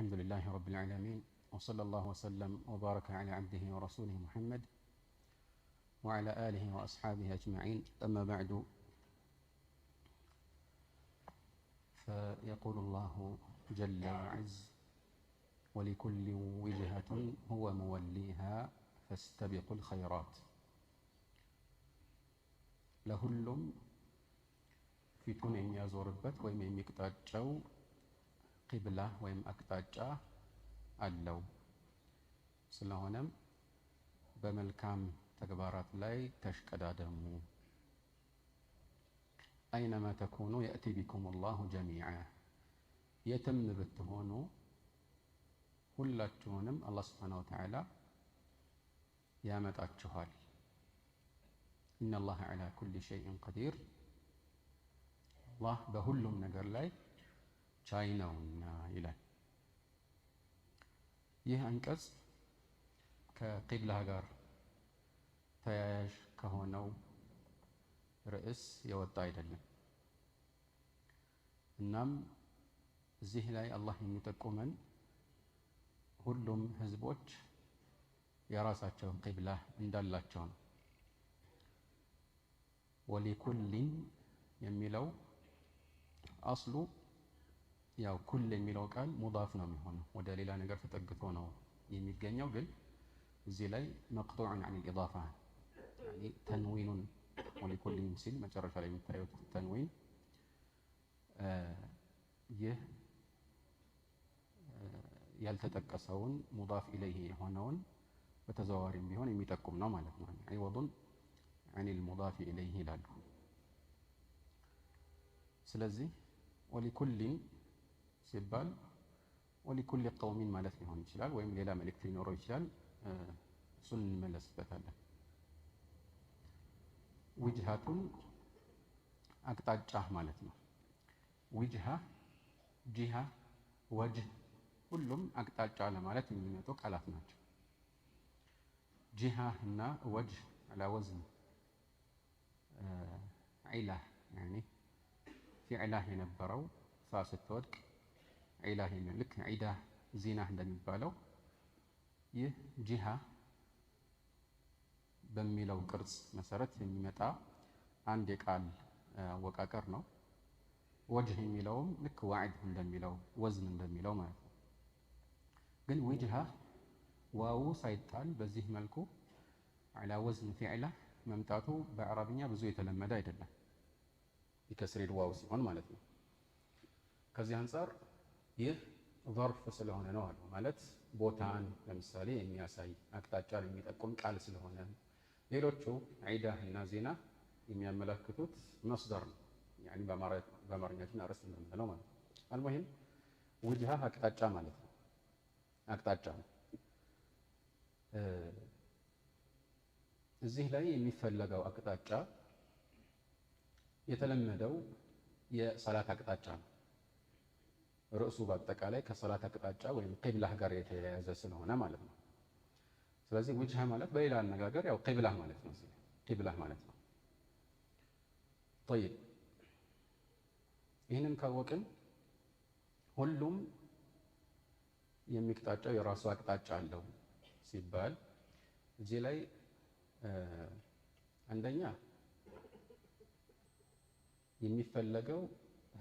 الحمد لله رب العالمين وصلى الله وسلم وبارك على عبده ورسوله محمد وعلى آله وأصحابه أجمعين أما بعد فيقول الله جل وعز ولكل وجهة هو موليها فاستبقوا الخيرات ለሁሉም ፊቱን የሚያዞርበት ወይም የሚቅጣጫው قبلة ويم أكتاجة اللو سلهونم بملكام تكبارات لي تشكدا دمو أينما تكونوا يأتي بكم الله جميعا يتم بالتهونو كل تونم الله سبحانه وتعالى يا مدع الجهال إن الله على كل شيء قدير الله بهلم نجر لاي ቻይናውና ይላል። ይህ አንቀጽ ከቂብላ ጋር ተያያዥ ከሆነው ርዕስ የወጣ አይደለም። እናም እዚህ ላይ አላህ የሚጠቁመን ሁሉም ህዝቦች የራሳቸውን ቂብላ እንዳላቸው ነው። ወሊኩሊን የሚለው አስሉ ያው ኩል የሚለው ቃል ሙዳፍ ነው የሚሆነው ወደ ሌላ ነገር ተጠግቶ ነው የሚገኘው። ግን እዚህ ላይ መቅጡዕን አን ኢዳፋ ተንዊኑን ወሊኩልም ሲል መጨረሻ ላይ የምታዩት ተንዊን ይህ ያልተጠቀሰውን ሙዳፍ ኢለይህ የሆነውን በተዘዋዋሪም ቢሆን የሚጠቁም ነው ማለት ነው። ዒወዱን አኒል ሙዳፍ ኢለይህ ይላሉ። ስለዚህ ወሊኩልን ሲባል ወሊኩል ቀውሚን ማለት ሊሆን ይችላል፣ ወይም ሌላ መልእክት ሊኖረው ይችላል። እሱን እንመለስበታለን። ውጅሃቱን አቅጣጫ ማለት ነው። ውጅሃ፣ ጂሃ፣ ወጅህ ሁሉም አቅጣጫ ለማለት የሚመጡ ቃላት ናቸው። ጂሃ እና ወጅህ አላወዝን ዒላህ ያኔ ፊዕላህ የነበረው ሳ ስትወድቅ ኢላህ የሚሆን ልክ ዒዳ ዚና እንደሚባለው ይህ ጂሃ በሚለው ቅርጽ መሰረት የሚመጣ አንድ የቃል አወቃቀር ነው። ወጅህ የሚለውም ልክ ዋዕድ እንደሚለው ወዝን እንደሚለው ማለት ነው። ግን ወጅሃ ዋው ሳይጣል በዚህ መልኩ ዐላ ወዝን ፊዕላ መምጣቱ በአረብኛ ብዙ የተለመደ አይደለም። ቢከስሪል ዋው ሲሆን ማለት ነው። ከዚህ አንጻር ይህ ዘርፍ ስለሆነ ነው አሉ። ማለት ቦታን ለምሳሌ የሚያሳይ አቅጣጫን የሚጠቁም ቃል ስለሆነ፣ ሌሎቹ ዒዳ እና ዜና የሚያመለክቱት መስደር ነው። በአማርኛችን አርዕስት እንደምንለው ማለት ነው። አልሙሂም ውጅሃ አቅጣጫ ማለት ነው። አቅጣጫ ነው። እዚህ ላይ የሚፈለገው አቅጣጫ የተለመደው የሰላት አቅጣጫ ነው። ርዕሱ በአጠቃላይ ከሰላት አቅጣጫ ወይም ቂብላህ ጋር የተያያዘ ስለሆነ ማለት ነው። ስለዚህ ውጅሃ ማለት በሌላ አነጋገር ያው ቂብላህ ማለት ነው። ቂብላህ ማለት ነው። ጠይብ ይህንን ካወቅን ሁሉም የሚቅጣጫው የራሱ አቅጣጫ አለው ሲባል እዚህ ላይ አንደኛ የሚፈለገው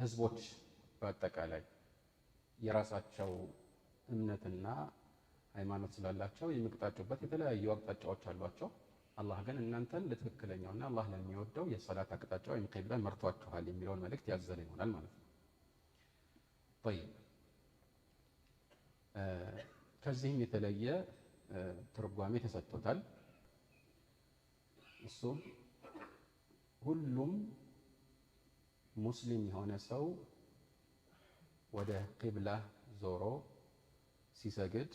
ህዝቦች በአጠቃላይ የራሳቸው እምነትና ሃይማኖት ስላላቸው የሚቅጣጩበት የተለያዩ አቅጣጫዎች አሏቸው። አላህ ግን እናንተን ለትክክለኛውና አላህ ለሚወደው የሰላት አቅጣጫ ወይም ቂብላ መርቷችኋል የሚለውን መልእክት ያዘለ ይሆናል ማለት ነው። ጠይብ ከዚህም የተለየ ትርጓሜ ተሰጥቶታል። እሱም ሁሉም ሙስሊም የሆነ ሰው ወደ ቂብላ ዞሮ ሲሰግድ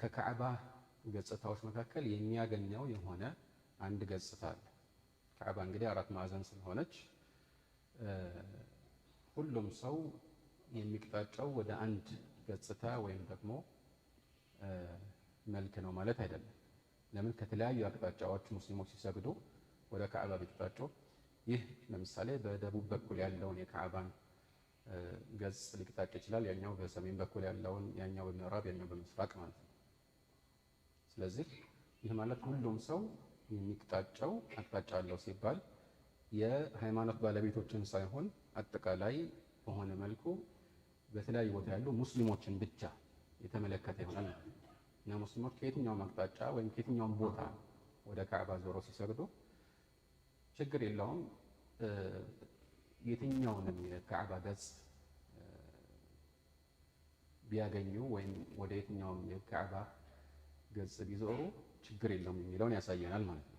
ከካዕባ ገጽታዎች መካከል የሚያገኘው የሆነ አንድ ገጽታ አለ። ካዕባ እንግዲህ አራት ማዕዘን ስለሆነች ሁሉም ሰው የሚቅጣጫው ወደ አንድ ገጽታ ወይም ደግሞ መልክ ነው ማለት አይደለም። ለምን ከተለያዩ አቅጣጫዎች ሙስሊሞች ሲሰግዱ ወደ ካዕባ ቢቅጣጩ፣ ይህ ለምሳሌ በደቡብ በኩል ያለውን የካዕባን ገጽ ሊቅጣጭ ይችላል። ያኛው በሰሜን በኩል ያለውን፣ ያኛው በምዕራብ፣ ያኛው በምስራቅ ማለት ነው። ስለዚህ ይህ ማለት ሁሉም ሰው የሚቅጣጨው አቅጣጫ አለው ሲባል የሃይማኖት ባለቤቶችን ሳይሆን አጠቃላይ በሆነ መልኩ በተለያዩ ቦታ ያሉ ሙስሊሞችን ብቻ የተመለከተ ይሆናል እና ሙስሊሞች ከየትኛውም አቅጣጫ ወይም ከየትኛውም ቦታ ወደ ካዕባ ዞሮ ሲሰግዱ ችግር የለውም። የትኛውንም የካዕባ ገጽ ቢያገኙ ወይም ወደ የትኛውም የካዕባ ገጽ ቢዞሩ ችግር የለውም የሚለውን ያሳየናል ማለት ነው።